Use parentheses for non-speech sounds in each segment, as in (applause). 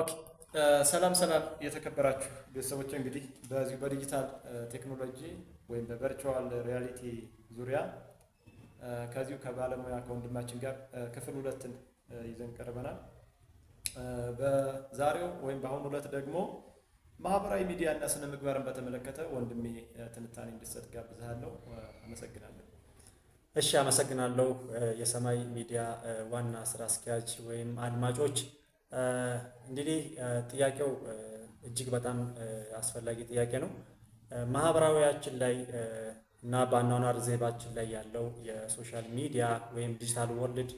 ኦኬ ሰላም ሰላም የተከበራችሁ ቤተሰቦች፣ እንግዲህ በዚሁ በዲጂታል ቴክኖሎጂ ወይም በቨርቹዋል ሪያሊቲ ዙሪያ ከዚሁ ከባለሙያ ከወንድማችን ጋር ክፍል ሁለትን ይዘን ቀርበናል። በዛሬው ወይም በአሁኑ ዕለት ደግሞ ማህበራዊ ሚዲያ እና ስነ ምግባርን በተመለከተ ወንድሜ ትንታኔ እንድሰጥ ጋብዝሃለሁ። አመሰግናለሁ። እሺ፣ አመሰግናለሁ። የሰማይ ሚዲያ ዋና ስራ አስኪያጅ ወይም አድማጮች እንግዲህ ጥያቄው እጅግ በጣም አስፈላጊ ጥያቄ ነው። ማህበራዊያችን ላይ እና በአኗኗር ዘይቤያችን ላይ ያለው የሶሻል ሚዲያ ወይም ዲጂታል ወርልድ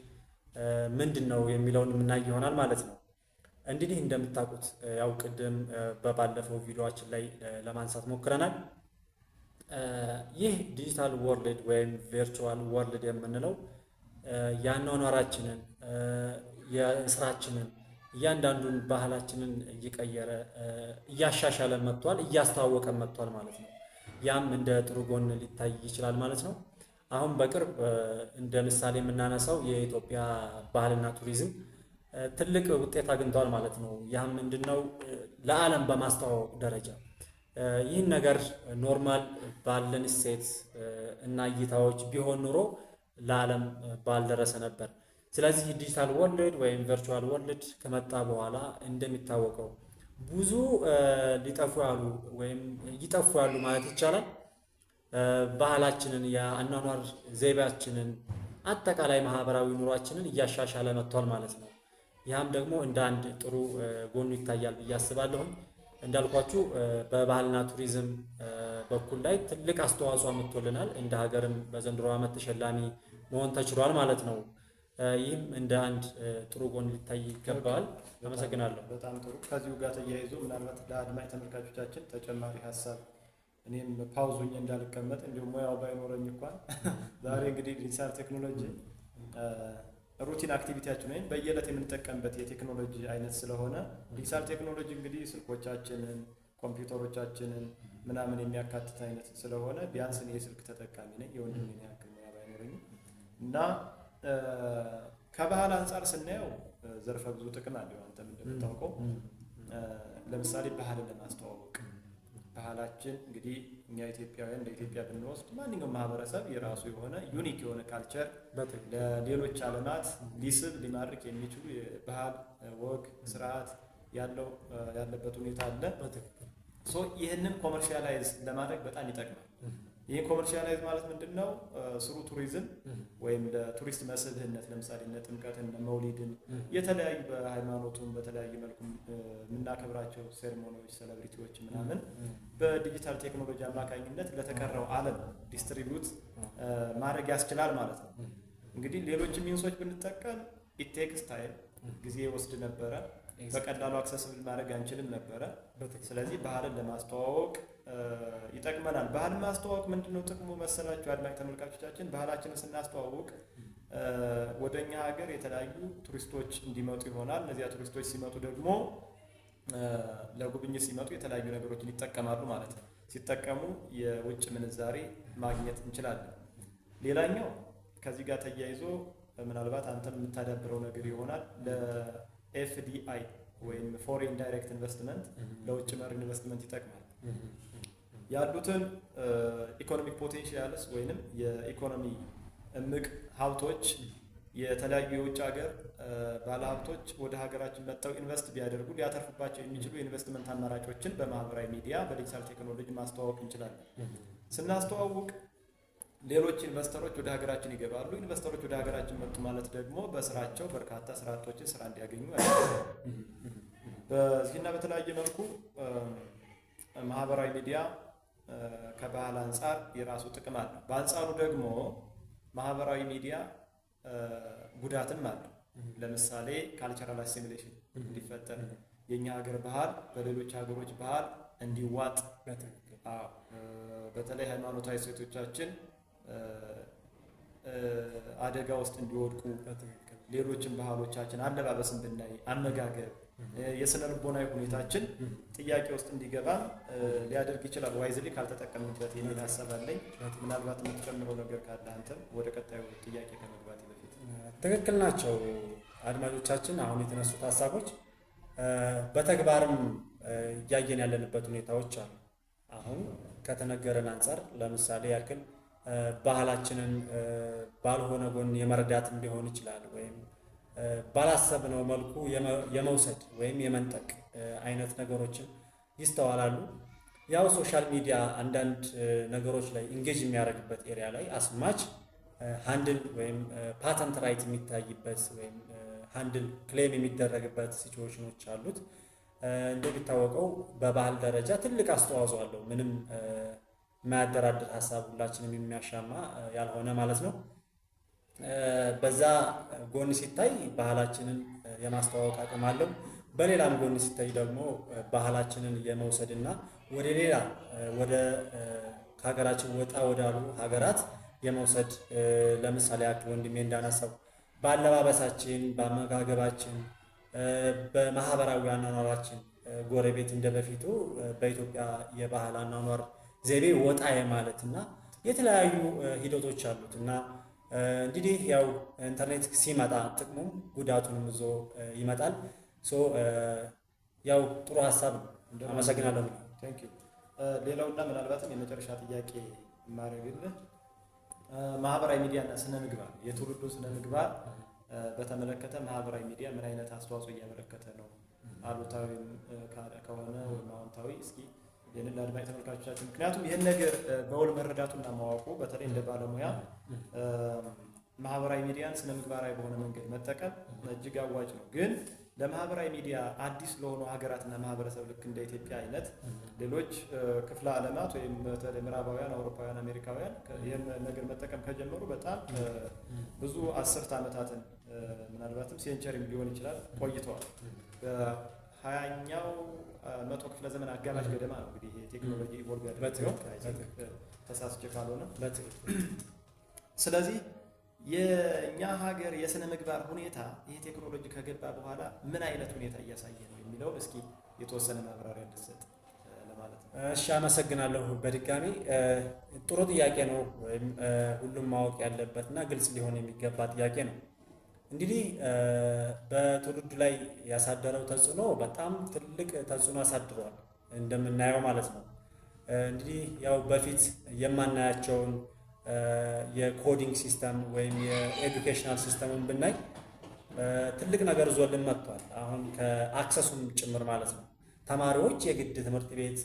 ምንድን ነው የሚለውን የምናይ ይሆናል ማለት ነው። እንግዲህ እንደምታውቁት ያው ቅድም በባለፈው ቪዲዮችን ላይ ለማንሳት ሞክረናል። ይህ ዲጂታል ወርልድ ወይም ቨርቹዋል ወርልድ የምንለው የአኗኗራችንን የስራችንን እያንዳንዱን ባህላችንን እየቀየረ እያሻሻለ መጥቷል፣ እያስተዋወቀ መጥቷል ማለት ነው። ያም እንደ ጥሩ ጎን ሊታይ ይችላል ማለት ነው። አሁን በቅርብ እንደ ምሳሌ የምናነሳው የኢትዮጵያ ባህልና ቱሪዝም ትልቅ ውጤት አግኝቷል ማለት ነው። ያም ምንድነው ለዓለም በማስተዋወቅ ደረጃ ይህን ነገር ኖርማል ባለን እሴት እና እይታዎች ቢሆን ኑሮ ለዓለም ባልደረሰ ነበር። ስለዚህ ዲጂታል ወርልድ ወይም ቨርቹዋል ወርልድ ከመጣ በኋላ እንደሚታወቀው ብዙ ሊጠፉ ያሉ ወይም ይጠፉ ያሉ ማለት ይቻላል ባህላችንን የአኗኗር ዘይቤያችንን አጠቃላይ ማህበራዊ ኑሯችንን እያሻሻለ መጥቷል ማለት ነው። ያም ደግሞ እንደ አንድ ጥሩ ጎኑ ይታያል ብዬ አስባለሁም። እንዳልኳችሁ በባህልና ቱሪዝም በኩል ላይ ትልቅ አስተዋጽኦ አምጥቶልናል። እንደ ሀገርም በዘንድሮ ዓመት ተሸላሚ መሆን ተችሏል ማለት ነው። ይህም እንደ አንድ ጥሩ ጎን ሊታይ ይገባል። አመሰግናለሁ። በጣም ጥሩ። ከዚሁ ጋር ተያይዞ ምናልባት ለአድማጭ ተመልካቾቻችን ተጨማሪ ሀሳብ እኔም ፓውዙኝ እንዳልቀመጥ እንዲሁም ሙያው ባይኖረኝ እንኳን (laughs) ዛሬ እንግዲህ ዲጂታል ቴክኖሎጂ ሩቲን አክቲቪቲያችን ወይም በየዕለት የምንጠቀምበት የቴክኖሎጂ አይነት ስለሆነ ዲጂታል ቴክኖሎጂ እንግዲህ ስልኮቻችንን፣ ኮምፒውተሮቻችንን ምናምን የሚያካትት አይነት ስለሆነ ቢያንስ እኔ የስልክ ተጠቃሚ ነኝ። የወንድሜን ያክል ሙያ ባይኖረኝም እና ከባህል አንጻር ስናየው ዘርፈ ብዙ ጥቅም አለው። አንተ እንደምታውቀው ለምሳሌ ባህልን ለማስተዋወቅ ባህላችን እንግዲህ እኛ ኢትዮጵያውያን እንደ ኢትዮጵያ ብንወስድ ማንኛውም ማህበረሰብ የራሱ የሆነ ዩኒክ የሆነ ካልቸር ለሌሎች ዓለማት ሊስብ ሊማርክ የሚችሉ የባህል ወግ ስርዓት ያለው ያለበት ሁኔታ አለ። ይህንን ኮመርሻላይዝ ለማድረግ በጣም ይጠቅማል። ይህ ኮመርሻላይዝ ማለት ምንድን ነው? ስሩ ቱሪዝም ወይም ለቱሪስት መስህብህነት ለምሳሌ እነ ጥምቀትን፣ መውሊድን የተለያዩ በሃይማኖቱን በተለያዩ መልኩ የምናከብራቸው ሴሪሞኒዎች፣ ሴሌብሪቲዎች ምናምን በዲጂታል ቴክኖሎጂ አማካኝነት ለተቀረው ዓለም ዲስትሪቢዩት ማድረግ ያስችላል ማለት ነው። እንግዲህ ሌሎች ሚንሶች ብንጠቀም ኢቴክስ ታይም ጊዜ ወስድ ነበረ በቀላሉ አክሰስብል ማድረግ አንችልም ነበረ። ስለዚህ ባህልን ለማስተዋወቅ ይጠቅመናል። ባህል ማስተዋወቅ ምንድነው ነው ጥቅሙ መሰላችሁ አድማጭ ተመልካቾቻችን? ባህላችንን ስናስተዋውቅ ወደ እኛ ሀገር የተለያዩ ቱሪስቶች እንዲመጡ ይሆናል። እነዚያ ቱሪስቶች ሲመጡ ደግሞ ለጉብኝት ሲመጡ የተለያዩ ነገሮችን ይጠቀማሉ ማለት ነው። ሲጠቀሙ የውጭ ምንዛሬ ማግኘት እንችላለን። ሌላኛው ከዚህ ጋር ተያይዞ ምናልባት አንተም የምታዳብረው ነገር ይሆናል ኤፍዲአይ ወይም ፎሬን ዳይሬክት ኢንቨስትመንት ለውጭ መር ኢንቨስትመንት ይጠቅማል። ያሉትን ኢኮኖሚክ ፖቴንሻልስ ወይንም የኢኮኖሚ እምቅ ሀብቶች የተለያዩ የውጭ ሀገር ባለሀብቶች ወደ ሀገራችን መጥተው ኢንቨስት ቢያደርጉ ሊያተርፉባቸው የሚችሉ የኢንቨስትመንት አማራጮችን በማህበራዊ ሚዲያ፣ በዲጂታል ቴክኖሎጂ ማስተዋወቅ እንችላለን። ስናስተዋውቅ ሌሎች ኢንቨስተሮች ወደ ሀገራችን ይገባሉ። ኢንቨስተሮች ወደ ሀገራችን መጡ ማለት ደግሞ በስራቸው በርካታ ስራ አጦችን ስራ እንዲያገኙ በዚህና በተለያየ መልኩ ማህበራዊ ሚዲያ ከባህል አንጻር የራሱ ጥቅም አለው። በአንጻሩ ደግሞ ማህበራዊ ሚዲያ ጉዳትም አለው። ለምሳሌ ካልቸራል አሲሚሌሽን እንዲፈጠር የእኛ ሀገር ባህል በሌሎች ሀገሮች ባህል እንዲዋጥ በተለይ ሃይማኖታዊ ሴቶቻችን አደጋ ውስጥ እንዲወድቁ ሌሎችን ባህሎቻችን አለባበስን ብናይ፣ አመጋገብ፣ የስነ ልቦናዊ ሁኔታችን ጥያቄ ውስጥ እንዲገባ ሊያደርግ ይችላል። ዋይዝሊ ካልተጠቀምበት የሚል ሀሳብ አለኝ። ምናልባት የምትጨምረው ነገር ካለ አንተም ወደ ቀጣዩ ጥያቄ ከመግባት በፊት። ትክክል ናቸው አድማጮቻችን። አሁን የተነሱት ሀሳቦች በተግባርም እያየን ያለንበት ሁኔታዎች አሉ። አሁን ከተነገረን አንጻር ለምሳሌ ያክል ባህላችንን ባልሆነ ጎን የመረዳትም ሊሆን ይችላል ወይም ባላሰብነው መልኩ የመውሰድ ወይም የመንጠቅ አይነት ነገሮችን ይስተዋላሉ። ያው ሶሻል ሚዲያ አንዳንድ ነገሮች ላይ ኢንጌጅ የሚያደርግበት ኤሪያ ላይ አስማች ሃንድል ወይም ፓተንት ራይት የሚታይበት ወይም ሃንድል ክሌም የሚደረግበት ሲቹዌሽኖች አሉት። እንደሚታወቀው በባህል ደረጃ ትልቅ አስተዋጽኦ አለው ምንም የማያደራድር ሀሳብ ሁላችንም የሚያሻማ ያልሆነ ማለት ነው። በዛ ጎን ሲታይ ባህላችንን የማስተዋወቅ አቅም አለው። በሌላም ጎን ሲታይ ደግሞ ባህላችንን የመውሰድና ወደ ሌላ ወደ ከሀገራችን ወጣ ወዳሉ ሀገራት የመውሰድ ለምሳሌ ያክል ወንድሜ እንዳነሳው በአለባበሳችን፣ በአመጋገባችን፣ በማህበራዊ አኗኗራችን ጎረቤት እንደ በፊቱ በኢትዮጵያ የባህል አኗኗር ዘይቤ ወጣ የማለት እና የተለያዩ ሂደቶች አሉት እና እንግዲህ ያው ኢንተርኔት ሲመጣ ጥቅሙም ጉዳቱንም ይዞ ይመጣል። ያው ጥሩ ሀሳብ ነው። አመሰግናለሁ። እና ምናልባትም የመጨረሻ ጥያቄ የማደርግልህ ማህበራዊ ሚዲያና ስነ ምግባር የትውልዱን ስነ ምግባር በተመለከተ ማህበራዊ ሚዲያ ምን አይነት አስተዋጽኦ እያበረከተ ነው? አሉታዊ ከሆነ ወይም አዎንታዊ እስኪ ይህንን አድማጭ ተመልካቾቻችን፣ ምክንያቱም ይህን ነገር በውል መረዳቱና ማወቁ በተለይ እንደ ባለሙያ ማህበራዊ ሚዲያን ስነ ምግባራዊ በሆነ መንገድ መጠቀም እጅግ አዋጭ ነው። ግን ለማህበራዊ ሚዲያ አዲስ ለሆኑ ሀገራትና ማህበረሰብ ልክ እንደ ኢትዮጵያ አይነት ሌሎች ክፍለ ዓለማት ወይም በተለይ ምዕራባውያን፣ አውሮፓውያን፣ አሜሪካውያን ይህን ነገር መጠቀም ከጀመሩ በጣም ብዙ አስርት ዓመታትን ምናልባትም ሴንቸሪም ሊሆን ይችላል ቆይተዋል። ሀያኛው መቶ ክፍለ ዘመን አጋማሽ ገደማ ነው እንግዲህ ቴክኖሎጂ ኢቮልቭ ያደረገው ተሳስቼ ካልሆነ ስለዚህ የእኛ ሀገር የስነ ምግባር ሁኔታ ይሄ ቴክኖሎጂ ከገባ በኋላ ምን አይነት ሁኔታ እያሳየ ነው የሚለው እስኪ የተወሰነ ማብራሪያ እንድትሰጥ ለማለት ነው። እሺ፣ አመሰግናለሁ። በድጋሚ ጥሩ ጥያቄ ነው። ሁሉም ማወቅ ያለበት እና ግልጽ ሊሆን የሚገባ ጥያቄ ነው። እንግዲህ በትውልዱ ላይ ያሳደረው ተጽዕኖ በጣም ትልቅ ተጽዕኖ አሳድሯል እንደምናየው ማለት ነው። እንግዲህ ያው በፊት የማናያቸውን የኮዲንግ ሲስተም ወይም የኤዱኬሽናል ሲስተሙን ብናይ ትልቅ ነገር ዞልን መጥቷል። አሁን ከአክሰሱም ጭምር ማለት ነው። ተማሪዎች የግድ ትምህርት ቤት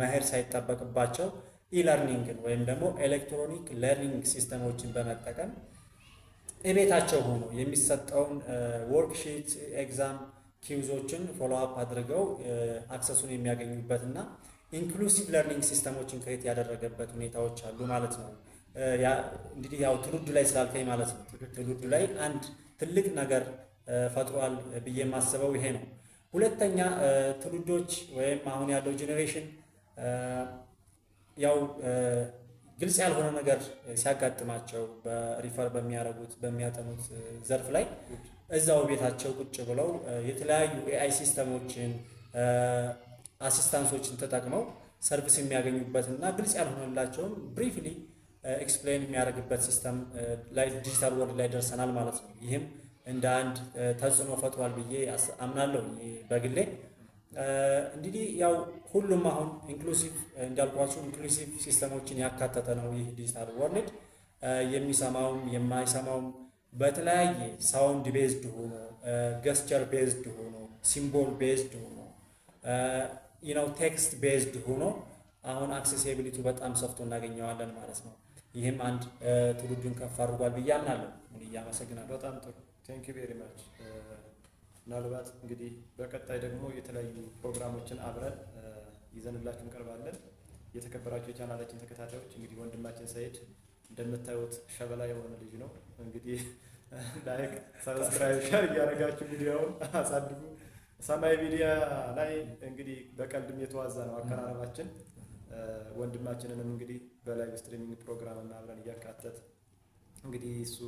መሄድ ሳይጠበቅባቸው ኢለርኒንግን ወይም ደግሞ ኤሌክትሮኒክ ለርኒንግ ሲስተሞችን በመጠቀም እቤታቸው ሆኖ የሚሰጠውን ወርክሺት ኤግዛም ኪውዞችን ፎሎአፕ አድርገው አክሰሱን የሚያገኙበት እና ኢንክሉሲቭ ለርኒንግ ሲስተሞችን ክሬት ያደረገበት ሁኔታዎች አሉ ማለት ነው። እንግዲህ ያው ትውልዱ ላይ ስላልከኝ ማለት ነው። ትውልዱ ላይ አንድ ትልቅ ነገር ፈጥሯል ብዬ የማስበው ይሄ ነው። ሁለተኛ ትውልዶች ወይም አሁን ያለው ጄኔሬሽን ያው ግልጽ ያልሆነ ነገር ሲያጋጥማቸው በሪፈር በሚያደርጉት በሚያጠኑት ዘርፍ ላይ እዛው ቤታቸው ቁጭ ብለው የተለያዩ ኤአይ ሲስተሞችን አሲስታንሶችን ተጠቅመው ሰርቪስ የሚያገኙበት እና ግልጽ ያልሆነላቸውም ብሪፍሊ ኤክስፕሌን የሚያደርግበት ሲስተም ላይ ዲጂታል ወርልድ ላይ ደርሰናል ማለት ነው። ይህም እንደ አንድ ተጽዕኖ ፈጥሯል ብዬ አምናለሁ በግሌ። እንግዲህ ያው ሁሉም አሁን ኢንክሉሲቭ እንዳልኳችሁ ኢንክሉሲቭ ሲስተሞችን ያካተተ ነው ይህ ዲጂታል ወርልድ። የሚሰማውም የማይሰማውም በተለያየ ሳውንድ ቤዝድ ሆኖ፣ ገስቸር ቤዝድ ሆኖ፣ ሲምቦል ቤዝድ ሆኖ፣ ነው ቴክስት ቤዝድ ሆኖ አሁን አክሴሲቢሊቲ በጣም ሰፍቶ እናገኘዋለን ማለት ነው። ይህም አንድ ትውልዱን ከፍ አድርጓል ብዬ አምናለሁ። እያመሰግናለሁ። በጣም ጥሩ ቴንክ ዩ ቬሪ ማች ምናልባት እንግዲህ በቀጣይ ደግሞ የተለያዩ ፕሮግራሞችን አብረን ይዘንላችሁ እንቀርባለን። የተከበራቸው የቻናላችን ተከታታዮች እንግዲህ ወንድማችን ሰይድ እንደምታዩት ሸበላ የሆነ ልጅ ነው። እንግዲህ ላይክ፣ ሰብስክራይብ፣ ሸር እያደረጋችሁ ቪዲዮውን አሳድጉ። ሰማይ ሚዲያ ላይ እንግዲህ በቀልድም የተዋዛ ነው አቀራረባችን። ወንድማችንንም እንግዲህ በላይቭ ስትሪሚንግ ፕሮግራም እና አብረን እያካተት እንግዲህ እሱ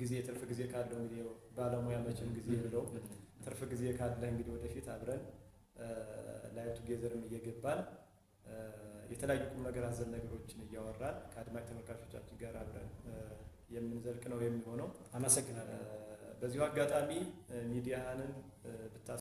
ጊዜ ትርፍ ጊዜ ካለው እንግዲህ ባለሙያ መቼም ጊዜ ብለው ትርፍ ጊዜ ካለ እንግዲህ ወደፊት አብረን ላይቭ ቱጌዘርም እየገባን የተለያዩ ቁም ነገር አዘል ነገሮችን እያወራን ከአድማጭ ተመልካቾቻችን ጋር አብረን የምንዘልቅ ነው የሚሆነው። አመሰግናለሁ። በዚሁ አጋጣሚ ሚዲያህንን ብታ